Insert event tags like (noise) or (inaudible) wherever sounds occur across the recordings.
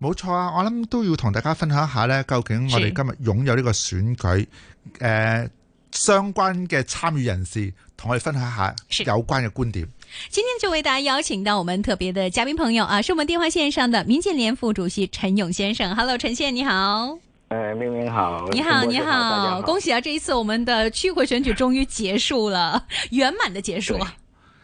冇錯啊，我諗都要同大家分享一下呢。究竟我哋今日擁有呢個選舉，誒是、呃，相關嘅參與人士同我哋分享一下有關嘅觀點。今天就為大家邀請到我們特別嘅嘉賓朋友啊，是我們電話線上的民建聯副主席陳勇先生。Hello，陳先你好。誒，明明你好。你好，明明好你好，恭喜啊！這一次我們的區會選舉終於結束了，圓滿 (laughs) 的結束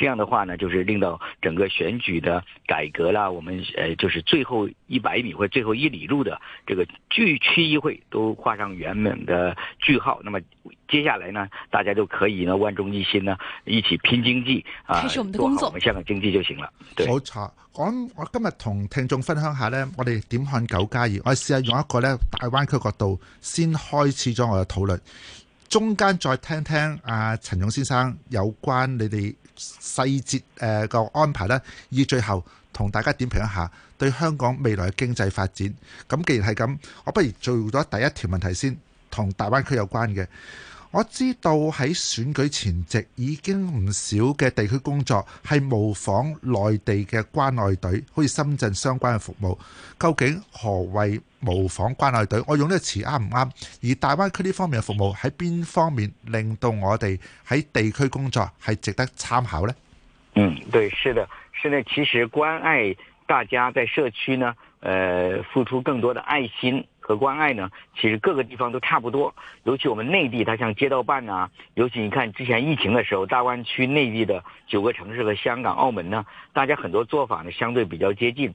這樣的話呢，就是令到整個選舉的改革啦，我們誒就是最後一百米或最後一里路的這個區區議會都畫上圓滿的句號。那麼接下來呢，大家就可以呢萬眾一心呢，一起拼經濟啊，做好我們香港的經濟就行了。對，冇錯，我我今日同聽眾分享下呢，我哋點看九加二，2，我試下用一個呢大灣區角度先開始咗我嘅討論，中間再聽聽阿陳勇先生有關你哋。細節誒個安排呢，以最後同大家點評一下對香港未來嘅經濟發展。咁既然係咁，我不如做咗第一條問題先，同大灣區有關嘅。我知道喺選舉前夕已經唔少嘅地區工作係模仿內地嘅關愛隊，好似深圳相關嘅服務。究竟何為？模仿關愛隊，我用呢個詞啱唔啱？而大灣區呢方面嘅服務喺邊方面令到我哋喺地區工作係值得參考呢？嗯，對，是的，是呢。其實關愛大家在社區呢，呃，付出更多的愛心和關愛呢，其實各個地方都差不多。尤其我們內地，它像街道辦啊，尤其你看之前疫情嘅時候，大灣區內地的九個城市和香港、澳門呢，大家很多做法呢，相對比較接近。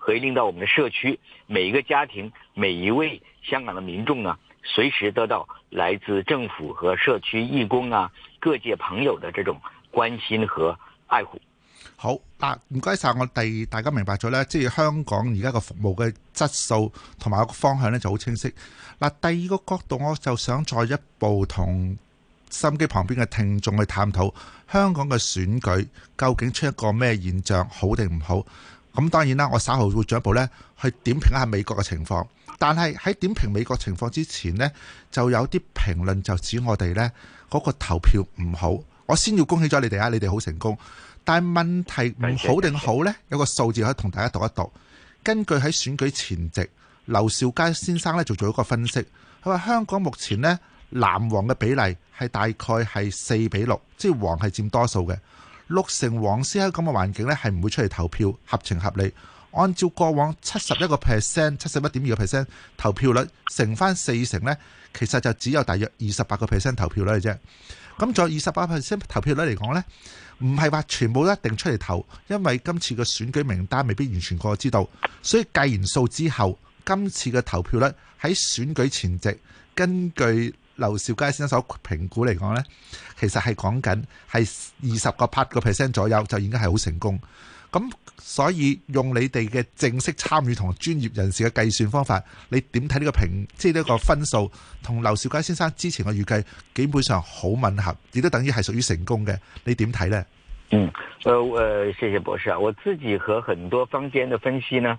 可以令到我們的社區每一個家庭、每一位香港的民眾啊，隨時得到來自政府和社區義工啊、各界朋友的這種關心和愛護。好，嗱，唔該晒我哋大家明白咗咧，即係香港而家個服務嘅質素同埋個方向咧就好清晰。嗱，第二個角度，我就想再一步同收音機旁邊嘅聽眾去探討香港嘅選舉究竟出一個咩現象，好定唔好？咁當然啦，我稍後會進一步咧去點評一下美國嘅情況。但係喺點評美國情況之前呢，就有啲評論就指我哋呢嗰、那個投票唔好。我先要恭喜咗你哋啊，你哋好成功。但係問題唔好定好呢，有個數字可以同大家讀一讀。根據喺選舉前夕，劉兆佳先生呢就做咗一個分析，佢話香港目前呢藍黃嘅比例係大概係四比六，即係黃係佔多數嘅。六成黃絲喺咁嘅環境呢，係唔會出嚟投票，合情合理。按照過往七十一個 percent、七十一點二個 percent 投票率，乘翻四成呢，其實就只有大約二十八個 percent 投票率嘅啫。咁在二十八 percent 投票率嚟講呢，唔係話全部都一定出嚟投，因為今次嘅選舉名單未必完全個個知道，所以計完數之後，今次嘅投票率喺選舉前夕根據劉兆佳先生所評估嚟講呢，其實係講緊係二十個八個 percent 左右，就已經係好成功。咁所以用你哋嘅正式參與同專業人士嘅計算方法，你點睇呢個評？即係呢個分數同劉兆佳先生之前嘅預計基本上好吻合，亦都等於係屬於成功嘅。你點睇呢？嗯，誒、呃、我，謝謝博士，我自己和很多坊間嘅分析呢。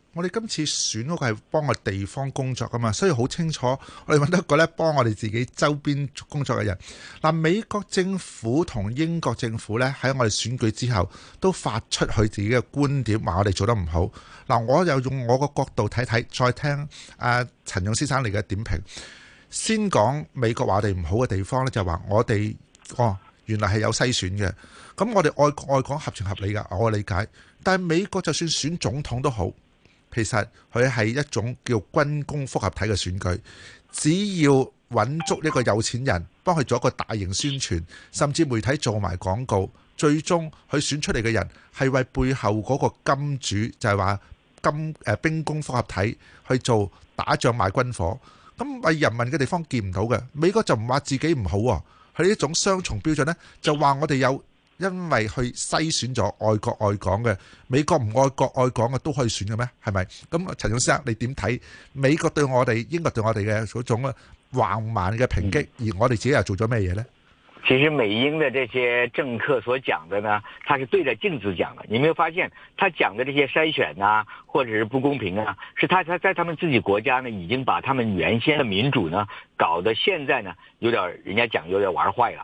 我哋今次選嗰個係幫我哋地方工作噶嘛，所以好清楚。我哋揾到一個咧幫我哋自己周邊工作嘅人嗱。美國政府同英國政府咧喺我哋選舉之後都發出佢自己嘅觀點，話我哋做得唔好嗱。我又用我個角度睇睇，再聽阿陳勇先生嚟嘅點評，先講美國話我哋唔好嘅地方咧，就係話我哋哦原來係有篩選嘅，咁，我哋愛外，國外國合情合理噶，我嘅理解。但係美國就算選總統都好。其實佢係一種叫軍工複合體嘅選舉，只要揾足一個有錢人幫佢做一個大型宣傳，甚至媒體做埋廣告，最終佢選出嚟嘅人係為背後嗰個金主，就係話金、誒兵工複合體去做打仗賣軍火，咁為人民嘅地方見唔到嘅。美國就唔話自己唔好喎，佢呢種雙重標準呢，就話我哋有。因為去篩選咗愛國愛港嘅，美國唔愛國愛港嘅都可以選嘅咩？係咪？咁陳勇先生你點睇美國對我哋英國對我哋嘅嗰種橫蠻嘅抨擊？而我哋自己又做咗咩嘢呢？其實美英的這些政客所講的呢，他是對着鏡子講嘅。你有沒有發現他講的這些篩選啊，或者是不公平啊，是他他在他們自己國家呢，已經把他們原先的民主呢，搞得現在呢有點人家講有點玩壞了。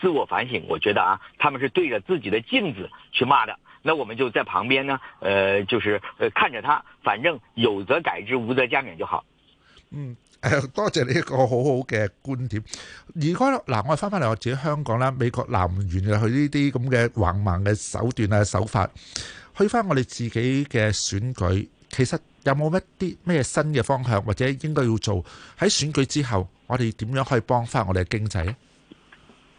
自我反省，我覺得啊，他們是對着自己的鏡子去罵的。那我們就在旁邊呢，呃，就是呃看着他，反正有則改之，無則加勉就好。嗯，多謝你一個好好嘅觀點。如果嗱，我哋翻翻嚟，我自己香港啦，美國南緣佢呢啲咁嘅橫蠻嘅手段啊手法，去翻我哋自己嘅選舉，其實有冇一啲咩新嘅方向或者應該要做，喺選舉之後，我哋點樣可以幫翻我哋嘅經濟呢？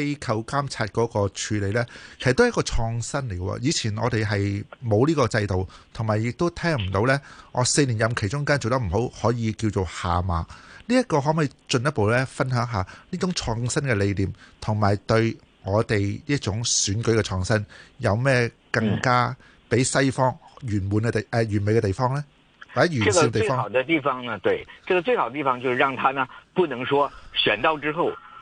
機構監察嗰個處理呢，其實都係一個創新嚟嘅喎。以前我哋係冇呢個制度，同埋亦都聽唔到呢。我四年任期中間做得唔好，可以叫做下馬。呢、這、一個可唔可以進一步呢分享下呢種創新嘅理念，同埋對我哋呢種選舉嘅創新有咩更加比西方圓滿嘅地誒、呃、完美嘅地方呢？或者完善嘅地方呢？地方呢？對，這個最好的地方就係讓他呢不能說選到之後。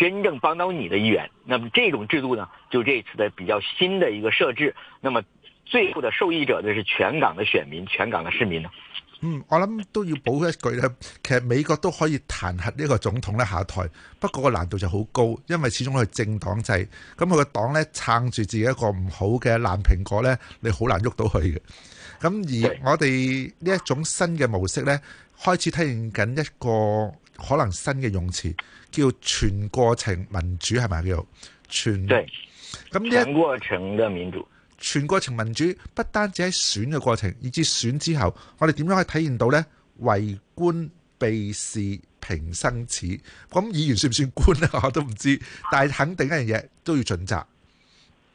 真正幫到你的議員，那麼這種制度呢，就這次的比較新的一個設置，那麼最後的受益者呢，是全港的選民，全港的市民呢。嗯，我諗都要補一句呢，其實美國都可以彈劾呢個總統呢下台，不過個難度就好高，因為始終佢係政黨制，咁佢個黨呢撐住自己一個唔好嘅爛蘋果呢，你好難喐到佢嘅。咁而我哋呢一種新嘅模式呢，開始體現緊一個。可能新嘅用詞叫全過程民主係咪叫全對？咁全過程嘅民主，全過程民主不單止喺選嘅過程，以至選之後，我哋點樣可以體現到呢？為官避事平生恥，咁議員算唔算官呢？我都唔知道， (laughs) 但係肯定一樣嘢都要盡責。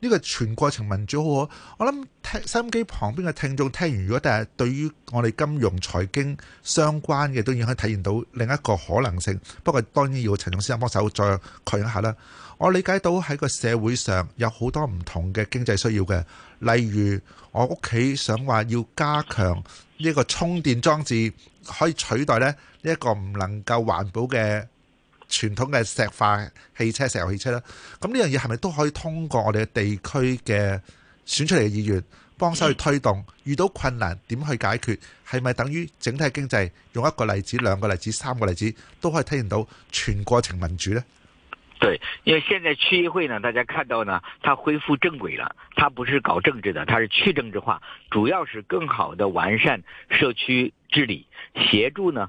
呢個全過程民主好，我我諗聽收音機旁邊嘅聽眾聽完，如果但係對於我哋金融財經相關嘅，都已經可以體現到另一個可能性。不過當然要陳總師阿幫手再確認下啦。我理解到喺個社會上有好多唔同嘅經濟需要嘅，例如我屋企想話要加強呢一個充電裝置，可以取代咧呢一個唔能夠環保嘅。傳統嘅石化汽車、石油汽車啦，咁呢樣嘢係咪都可以通過我哋嘅地區嘅選出嚟嘅議員幫手去推動？遇到困難點去解決？係咪等於整體經濟用一個例子、兩個例子、三個例子都可以體現到全過程民主呢？對，因為現在區議會呢，大家看到呢，它恢復正軌了。它不是搞政治的，它是去政治化，主要是更好的完善社區治理，協助呢，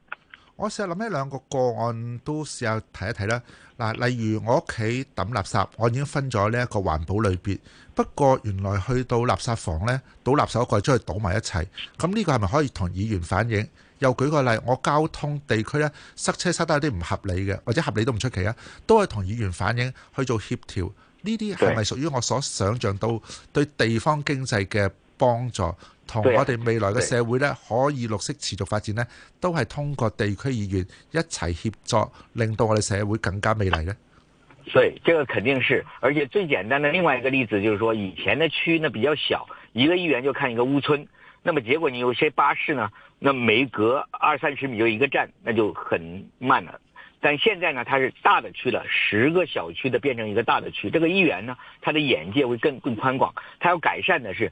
我試下諗呢兩個個案，都試下睇一睇啦。嗱，例如我屋企抌垃圾，我已經分咗呢一個環保類別。不過原來去到垃圾房呢，倒垃圾嗰個將佢倒埋一齊。咁呢個係咪可以同議員反映？又舉個例，我交通地區呢，塞車塞得有啲唔合理嘅，或者合理都唔出奇啊，都係同議員反映去做協調。呢啲係咪屬於我所想像到對地方經濟嘅？幫助同我哋未來嘅社會呢，可以綠色持續發展呢，都係通過地區議員一齊協助，令到我哋社會更加美麗嘅。對，這個肯定是，而且最簡單的另外一個例子就是說，以前的區呢比較小，一個議員就看一個屋村，那麼結果你有些巴士呢，那每隔二三十米就一個站，那就很慢了。但現在呢，它是大的區了，十個小區的變成一個大的區，這個議員呢，他的眼界會更更寬廣，他要改善的是。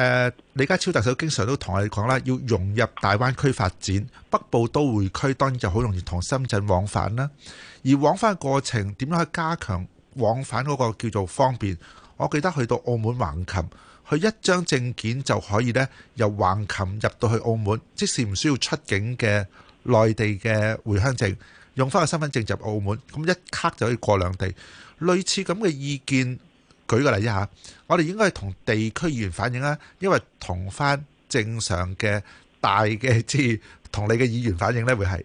誒李家超特首經常都同我哋講啦，要融入大灣區發展，北部都會區當然就好容易同深圳往返啦。而往返嘅過程點樣去加強往返嗰個叫做方便？我記得去到澳門橫琴，佢一張證件就可以呢，由橫琴入到去澳門，即使唔需要出境嘅內地嘅回鄉證，用翻個身份證入澳門，咁一卡就可以過兩地。類似咁嘅意見。舉個例子吓，我哋應該係同地區議員反映啦，因為同翻正常嘅大嘅即係同你嘅議員反映呢，會係。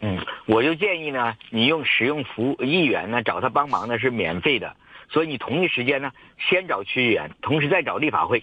嗯，我就建議呢，你用使用服務議員呢，找他幫忙呢是免費的，所以你同一時間呢，先找區議員，同時再找立法會。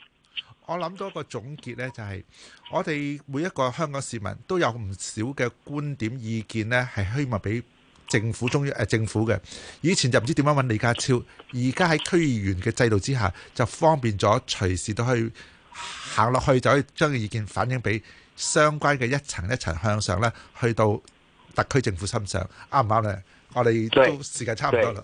我諗到一個總結呢，就係我哋每一個香港市民都有唔少嘅觀點意見呢係希望俾政府中央、啊、政府嘅。以前就唔知點樣揾李家超，而家喺區議員嘅制度之下，就方便咗隨時都可以行落去，就可以將意見反映俾相關嘅一層一層向上呢，去到特區政府心上，啱唔啱呢？我哋都時間差唔多啦。對對